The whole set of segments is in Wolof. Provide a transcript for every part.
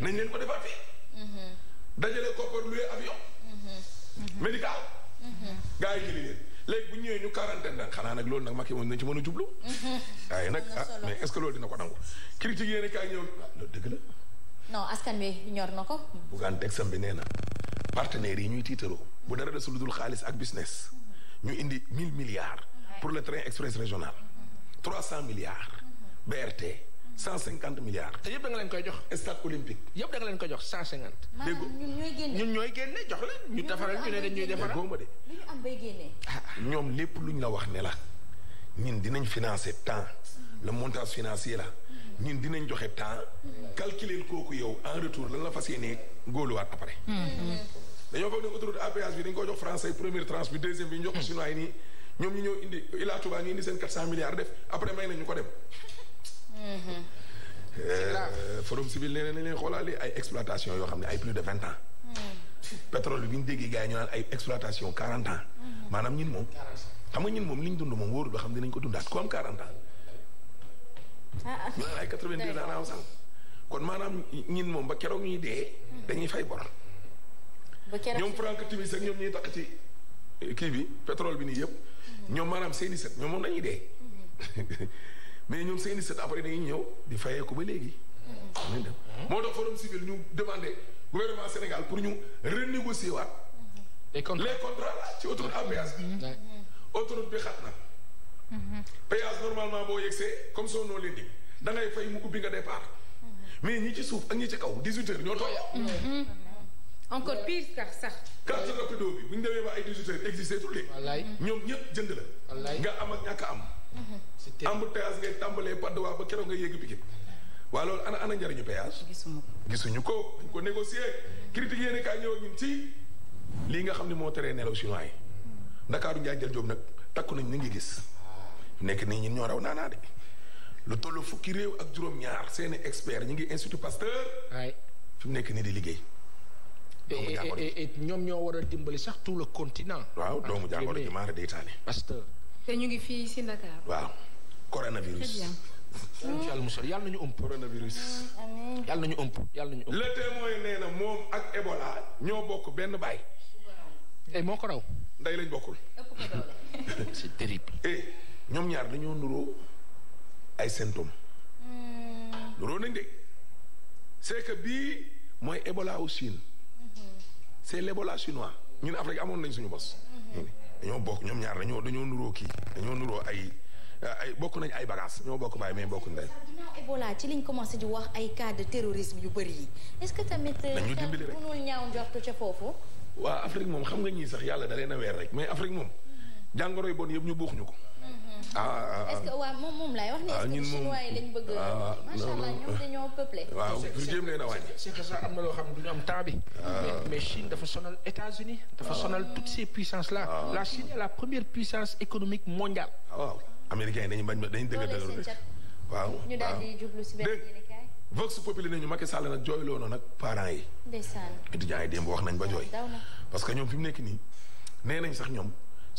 nañ leen ko defar fii. dajale koppar luy avion. médical. gaa yi jëli léegi bu ñëwee ñu quarantaine nag xanaa nag loolu nag Macky moom nañ ci mën a jublu. waaye nag ah mais est-ce que loolu dina ko nangu. critique yéen a kaay ñëw ah, loolu dëgg la. non askan wi ñor na ko. Bougane texam bi nee na partenaires yi ñuy tiitaroo bu dara desul lu dul xaalis ak business ñu indi mille milliards pour le train express régional trois cent milliards BRT. cent cinquante milliards. te yëpp da nga leen koy jox. stade olympique. yëpp da nga leen koy jox cent cinquante. dégg ñun ñooy génne ñooy génne jox leen. ñu defaral ñu ne dañuy defaral góob de. ñu ah, ñoom lépp luñ la wax ne la ñun dinañ financer temps la mm-hmm. ñun dinañ joxe temps mm-hmm. calculer kooku yow en retour lan la fas yéenee góoluwaat après. Mm-hmm. dañoo foog ne autoroute à péage bi dañ ko jox français première tranche bi deuxième bi ñu jox ko chinois yi nii ñoom ñu ñëw indi Ila Touba ñu indi seen quatre cent milliards def après may ñu ko dem. Euh, forum civil nee na leen xoolaale ay exploitation yoo xam ne ay plus de vingt ans. pétrole bi ñu déggee gars yi ñu naan ay exploitation quarante ans. maanaam ñun moom. xam nga ñun moom li ñu dund moom wóorul ba xam dinañ ko dundaat ku am quarante an ah ah ay quatre-vingt-deux kon maanaam ñin moom ba keroog ñuy dee. dañuy fay bor. ba keroog ñoom Franck Timis ak ñoom ñuy takk ci kii bi pétrole bi nii yëpp. ñoom maanaam seeni set ñoom moom dañuy dee. Mm-hmm. mais ñoom seeni set après dañuy ñëw di fayee ko ba léegi. moo tax forum civil ñu demandé gouvernement Sénégal pour ñu renégocier waat. les contrats les ci autoroute à péage bi. autoroute bi xat na. Mhm. péage normalement boo yegsee comme son noo l'indique da ngay fay mu ubbi nga départ. Mhm. mais ñi ci suuf ak ñi ci kaw 18 heures ñoo tooy. Mhm. encore pire sax. carte rapido bi bu ñu demee ba ay 18 heures existé tout de. ñoom ñëpp jënd la. nga am ak ñàkk am. c' embouteillage ngay tàmbalee Patte d'Oie ba keroog nga yéeg Pikine waa loolu ana ana njariñu péage. gisuñu ko gisuñu ko ko négocier. critique yéen kaay ñëw ak ñun ci lii nga xam ne moo teree nelaw chinois yi. Ndakaaru Ndiaye Jalle nag takku nañ ñu ngi gis nekk nii ñun ñoo raw naanaa de lu toll fukki réew ak juróom-ñaar seeni expert ñu ngi institut Pasteur. waay mu nekk nii di liggéey. doomu jàngoro ji ñoom ñoo war a dimbali sax tout le continent. waaw doomu jàngoro ji maara day taale Pasteur. te ñu ngi fii si Dakar. waaw coronavirus. yàlla musal yàlla nañu ëmp coronavirus. amiin yàlla nañu ëmp yàlla nañu ëmp. le témoin nee na moom ak Ebola ñoo bokk benn baay. tey eh, moo ko raw. ndey lañ bokkul. c'est terrible. eh ñoom ñaar dañoo nuroo ay symptômes. Hmm. nuroo nañ de c'est que bii mooy Ebola au Chine. Mm-hmm. c'est l'Ebola chinois ñun Afrique amoon nañ suñu bos. Mm-hmm. ñoo bokk ñoom ñaar dañoo dañoo nuróo kii dañoo nuróo ay ay bokk nañ ay bagages ñoo bokk baay mais bokk ndey. Ebola ci liñ commencé di wax ay cas de terrorisme yu bëri yi est que tamit. dañu euh, dimbali rek mënul ñaaw njortu ca foofu. waa Afrique moom xam nga ñii sax yàlla da leen weer rek mais Afrique moom. jàngoro yi bon yëpp ñu buux ñu ko. Mm-hmm. Ah, ah, ah. waaw moom moom laay a. macha allah ñoom a wàññi. c'est am na loo xam ne am temps bi. mais Chine dafa sonal États-Unis dafa sonal toutes ces puissances là. la Chine est la première puissance économique mondiale. waaw américains yi dañuy bañ dañuy dëgg dëgg. waaw ñu daal di jublu si benn Vox Populi nañu Macky Sall nag jooyloo nag parents yi. ndeysaan étudiants yi démb wax nañ ba jooy. parce que ñoom fi mu nekk nii nee nañ sax ñoom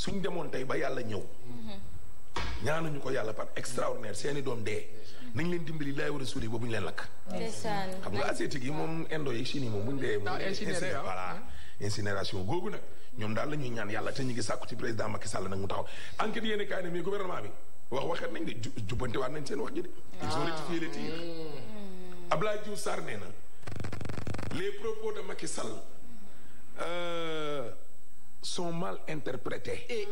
suñ demoon tey ba yàlla ñëw. Mm-hmm. ñaanuñu ko yàlla par extraordinaire seeni doom dee. nañ leen dimbali laay war a suuli boobu bu ñu leen lakk. xam nga asiatique yi moom indo yi chine yi moom bu ñu dee. moom voilà incinération googu nag ñoom daal la ñuy ñaan yàlla te ñu ngi sàkku ci président Macky Sall nag mu taxaw enquête yéen kaay ne mais gouvernement bi wax waxet nañ de jubbante waat nañ seen de. Ah. Mm. na les propos de Macky Sall. Euh, sont mal interprétés. et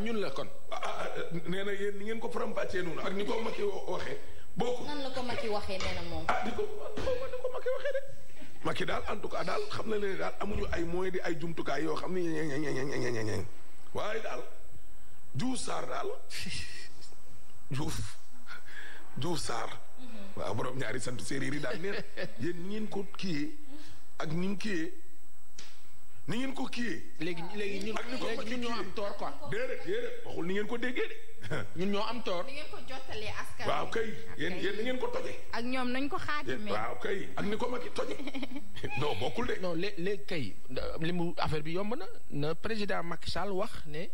ñun la kon. Ah, ah, ah, nee na yéen ni ngeen ko faram-fàccee noonu ak ni ko Macky waxee. bokkul nan la ko Macky waxee nee na moom. ah di ko ni ko Macky waxee de. Macky daal en tout cas daal xam na leen daal amuñu ay moyens di ay jumtukaay yoo xam ni ñeññeññeññeññeñ waaye daal Diouf Sarr daal Diouf Diouf Sarr. Mhm. waaw borom ñaari sant séeréer yi daal nee na yéen ni ko kiiyee ak ni mu kiiyee. ni ngeen ko kii léegi léegi ñun léegi ñun ñoo am toor quoi. déedéet déedéet waxul ni ngeen ko déggee de. ñun ñoo am toor. ni ngeen waaw kay yéen yéen ni ngeen ko tojee. ak ñoom nañ ko xaajamee. waaw kay ak ni ko mag yi tojee. non bokkul de. non léegi kay li mu affaire bi yomb na na président Macky Sall wax ne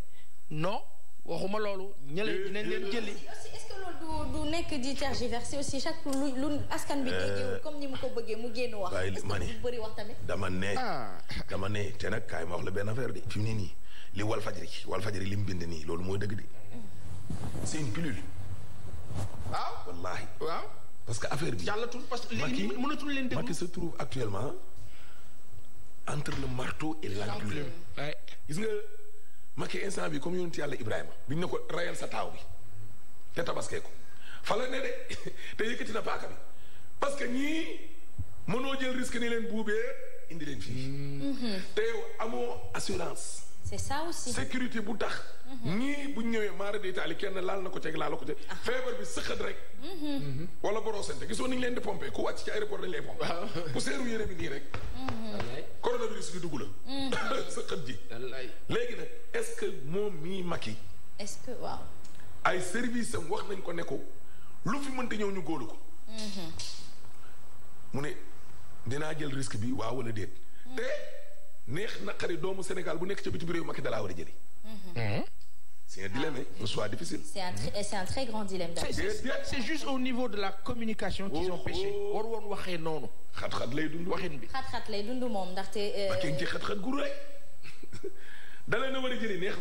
non. waxuma loolu. ñële dinañ leen jëli. aussi est-ce nekk di tergiverser aussi chaque lu lu askan bi. déggewul comme ni mu ko bëggee mu génn wax. est-ce que mu bëri wax tamit. dama ne ah. dama ne te ma wax la benn affaire de. fi mu nii li wal faj wal fajri li mu bind nii loolu mooy dëgg de. c'est une waaw wallaahi. waaw parce que affaire bi. jàllatul parce que léegi mënatul leen déglu Macky se trouve actuellement entre le marteau et l'enclume. gis nga. Macky instant bi comme yonent yàlla Ibrahima biñ ne ko rayal sa taaw bi te tabaskee ko ne de te yëkkati na paaka bi parce que ñii mënoo jël risque ni leen buubee indi leen fii. Mm-hmm. te yow amoo assurance. c'est ça aussi sécurité bu tax. Mhm. ñii bu ñëwee maara day taali kenn laal na ko ceeg laal na ko ceeg. Ah. feebar bi sëqat rek. Mhm. Mhm. wala borosante gisoo ni ñu leen di pompé ku wàcc ci aéroport dañu lay pompé. bu seeru yére bi nii rek. coronavirus bi dugg la. sëqat ji. léegi nag est-ce que moom mii Macky. est-ce que waaw. ay service am wax nañ ko ne ko lu fi mënta ñëw ñu góolu ko. mu ne dinaa jël risque bi waaw wala déet te. neex naqari doomu Sénégal bu nekk ca bitim réew Macky dalaa war a jëli. Mm-hmm. Mm-hmm. c'est un dilemme un choix difficile. c'est un très c'est un très c'est juste au niveau de la communication. qu'ils ont péché war woon waxee noonu. xat-xat lay dund waxin bi. xat-xat lay dund moom ndaxte. Macky euh, ngi ci xat-xat gu a jëli neex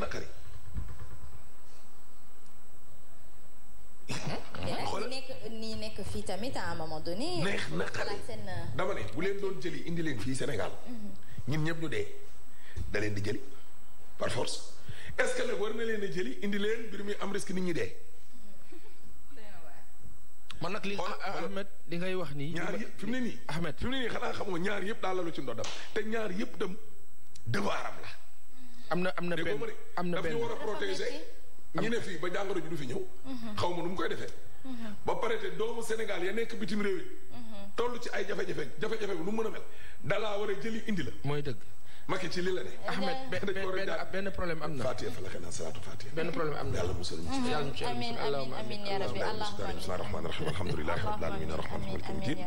nekk nii nekk fii tamit à un moment donné. neex naqari euh, dama ne bu leen doon jëli indi leen fii Sénégal. Mm-hmm. ñun ñëpp ñu dee da di jëli par force est-ce que nag war na leen di jëli indi leen mbir mi am risque nit ñi dee. man nag li ngay wax nii. ñaar yëpp fi mu ne nii Ahmed fi ne nii xanaa xamoo ñaar yëpp daal la lu ci dam te ñaar yëpp dem devoiram la. am na am na benn am na benn daf ñu war a protéger. ñu ne fii ba jàngoro ji du fi ñëw. Mhm. xaw ma nu mu koy defee. Mhm. ba pare te doomu Sénégal ya nekk bitim réew yi mhm. toll ci ay jafe-jafe jafe-jafe bi nu mën a mel dalaa war a jëli indi la. mooy dëgg. Macky ci li la ne. Ahmed benn problème am na. Fatiha fa la xanaa salaatu Fatiha. benn problème am na yàlla musal ñu ci. yàlla ñu ci amiin amiin amiin yaa rabbi allahumma bismillahi rahmaani rahiim alhamdulillahi rabbil aalamiin arrahmaani rahiim maalikil yawmi diin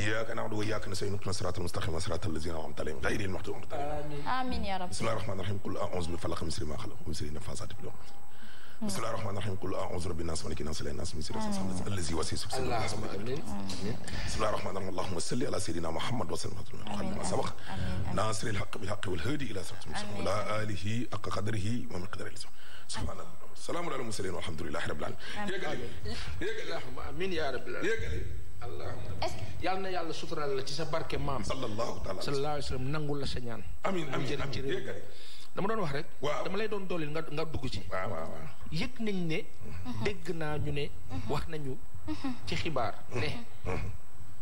iyyaaka na'budu wa iyyaaka nasta'iin ihdinas siraatal mustaqiim siraatal laziina an'amta alayhim ghayril maghduubi alayhim wa lad-daalliin amiin yaa rabbi bismillahi rahmaani rahiim qul a'uuzu bi falaq min sharri maa khalaq wa min sharri nafaasaati fil 'uqad bismillahi rahmaani rahim qul a'udhu rabbi nas maliki nas ilahi nas min sirri nas allazi wasiwasi sudur nas bismillahi rahmaani rahim allahumma salli ala sayyidina muhammad wa sallim wa sabaq nasir al haqq bil haqq wal hadi ila siratil mustaqim wa ala alihi haqqa qadrihi wa miqdarihi subhanallah salaamun ala mursalin walhamdulillahi rabbil alamin yéegali yéegali amin ya rabbil alamin yéegali allahumma yal na yàlla sutural la ci sa barke maam sallallahu alayhi wa sallam nangul la sa ñaan amin amin dama doon wax rek. waaw dama lay doon dooleel nga nga dugg ci. waaw waaw waaw yëg nañ ne. Mhm. dégg naa ñu ne. Mhm. wax nañu. Mhm. ci xibaar ne.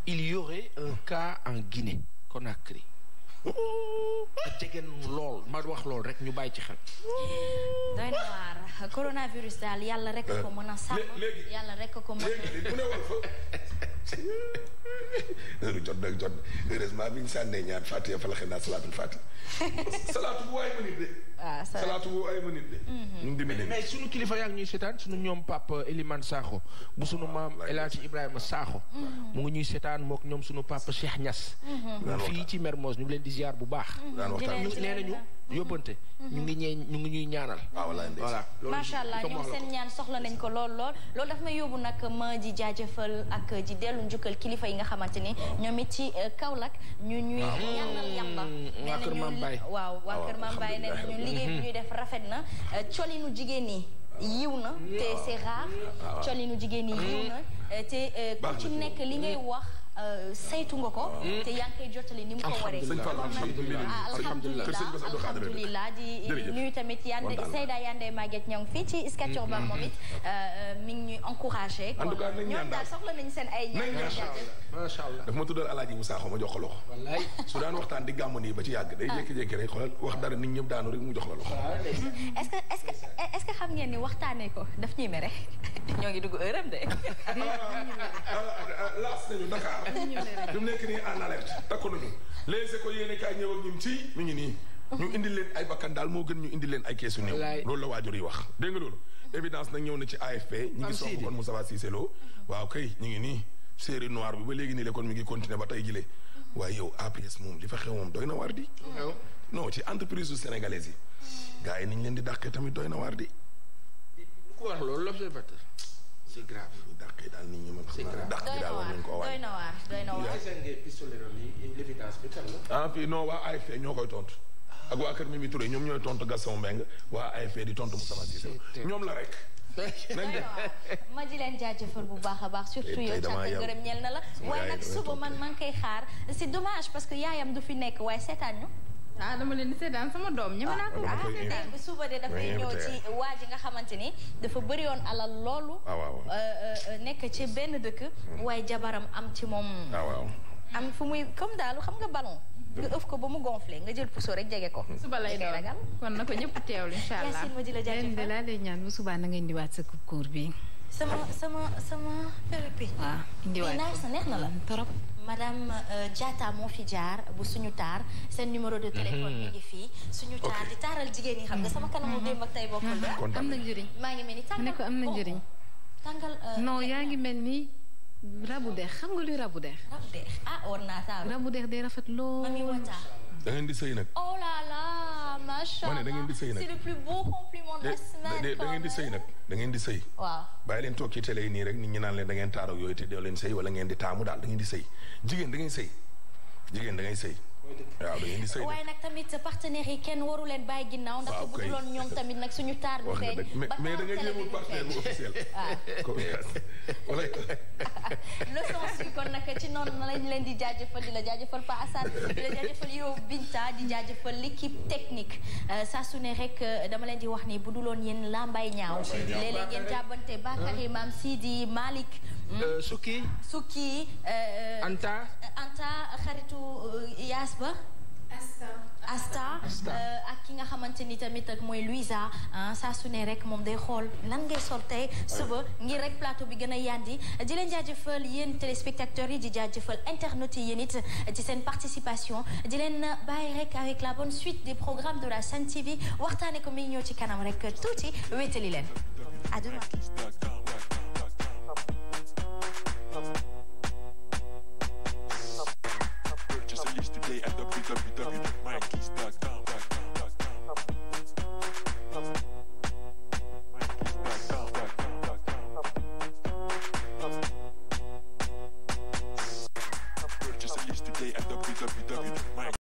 il y aurait un cas en Guinée Conakry. a oh. jegeen lool ma wax lool rek ñu bàyyi ci xel. doy na waar coronavirus daal yàlla rek ko mën a sàmm. yàlla rek ko mën a. heure jot nag jot heureusement bi ñu sànnee ñaan fàtte fa la xëy naa salaatul fàtte salaatu bu waay ma de waaw ah, salaatu bu waay de ñu ngi demee suñu kilifa yaa ngi ñuy seetaan suñu ñoom papa Elimane Sakho bu suñu maam El Hadj Ibrahima Sakho mm-hmm. mu ngi ñuy seetaan mook ñoom suñu papa Cheikh ñas mm-hmm. fii ci Mermoz ñu leen di ziar bu baax nee nañu yóbbante mm-hmm. ñu ngi ñu ngi ñuy ñaanal ah, voilà macha allah ñoom seen ñaan soxla nañ ko lool lool loolu daf may yóbbu nag ma ji jaajëfal ak ji dellu njukkal kilifa yi nga xamante ni ñoom it ci euh, Kaolack ñu ñuy ñaanal yamba mm, waa Kër Maam Baye waa ah, Kër Maam Baye ne ñu liggéey bi ñuy def rafet na euh, colinu jigéen ñi yiw na te mm. c'est ah, colinu jigéen ñi mm-hmm. yiw na euh, te ku ci nekk li ngay mm-hmm. wax Euh, saytu nga ko. Hmm? te yaa ngi koy jottali ni mu ko waree. alhamdulilah alhamdulilah ah, di nuyu tamit Seyda Yande Maguette ñoom fii ci Iscature hmm, ba hmm, moom it euh, euh, mi ngi ñuy encouragé. en seen ay. ñaan macha allah daf ma tuddal alaaji Moussa xaw ma jox ko loxo. wallaay su daan waxtaan di gàmm ba ci yàgg. day ah. jékki-jékki rek xoolal wax dara nit ñëpp daanu rek mu jox la loxo. Ah, est-ce que est-ce xam ngeen ni waxtaanee ko daf ñuy mere. ñoo ngi de. laas nañu Dakar. bi nekk nii en alerte takku nañu les écoles yéen kaay ñëw ak ñun ci mi ngi nii. ñu indi leen ay bakkan daal moo gën ñu indi leen ay keesu néew. loolu la waajur yi wax dégg nga loolu. évidence mm-hmm. nag ñëw na ci AFP. ñu ngi soog kon Moussa Cissé Lo mm-hmm. waaw kay ñu ngi nii. série noire bi ba léegi nii la kon mi ngi continuer ba tey jile mm-hmm. waaye yow APS moom li fa xew moom doy na waar di. non ci entreprise su sénégalaise yi. gars yi ni leen di dàqee tamit doy na waar di. ku wax loolu l'observateur c' est grave dàq yi daal nit ñi man xam naa dàq yi daal war nañ koo wàññi doy na waar doy na waar ah puis non waa AFP ñoo koy tontu ak waa kër Mimi Touré ñoom ñooy tontu Gaston Mbengue waa AFP di tontu Moustapha Cissé ñoom la rek ma di leen jaajëfal bu baax a baax surtout eh, yow cant gërëm ñeel na la waaye nag suba man maa ngi xaar c'est dommage parce que yaayam du fi nekk waaye seetaan ñu ah dama leen di seetaan sama doom ñeme ah, naa ko. Ah, suba de dafay ñëw ci waa ji nga xamante ni dafa bëri woon alal loolu. Ah, euh, euh, euh, nekk ci benn dëkk. Hmm. waaye jabaram am ci moom. am fu muy comme daal xam nga ballon. nga ëf ko ba mu gonflé nga jël puso rek jege ko. Hmm. suba lay doon ragal kon na ko ñëpp teewlu incha allah. Yacine ma di la jaajëfal leen de laa subaa na nga indiwaat sa concours bi. sama sama sama péripi. waaw ah, indiwaay neex na la hmm, trop. madame euh, Diatta moo fi jaar bu suñu taar seen numéro de téléphone hmm. mi ngi fii suñu taar di taaral jigéen yi xam nga sama kanamu hmm. démb ak tey bokkul la. am na njëriñ maa ngi mel ni tàngal ne ko am na oh, njëriñ. tàngal euh, non yaa ngi mel ni. rabu dex xam nga luy rabu dex. rabu dex ah war naa taaru. rabu dex day rafet lool. da ngeen di sëy nag. Oh allah macha allah da ngeen di sëy nag c'est de da ngeen di sëy nag da ngeen di sëy. waaw bàyyi leen toog ci nii rek nit ñi naan leen dangeen ngeen yooyu te doo leen sëy wala ngeen di taamu daal da ngeen di sëy jigéen da ngeen sëy jigéen da ngeen sëy waaw da ngeen waaye nag tamit partenaires yi kenn waru leen bàyyi ginnaaw. ndax bu dul ñoom tamit nag suñu taar bu feeñ. mais mais da nga yëngu partenaire bu officiel. waaw. leçon su kon nag ci noonu lañ leen di jaajëfal di la jaajëfal Pa Assane di la jaajëfal yow Binta di jaajëfal l'équipe technique euh, saa su ne rek euh, dama leen di wax ni bu dul woon yéen lambay ñaaw. léeg-léeg ngeen jàbbante Bakary Maam Sidi Malick. Euh, Suki. Suki. Anta. Anta xaritu. Asba. Asta uh, ak ki nga xamante ni tamit ak mooy Louisa saa sa ne rek moom day xool lan ngay sol tey suba ngir rek plateau bi gën a yandi di leen jaajëfal yéen téléspectateurs yi di jaajëfal internautes yi yéen it ci seen participation di leen bàyyi rek avec la bonne suite des programmes de la Sen TV waxtaane ko mi ñëw ci kanam rek tuuti wéetali leen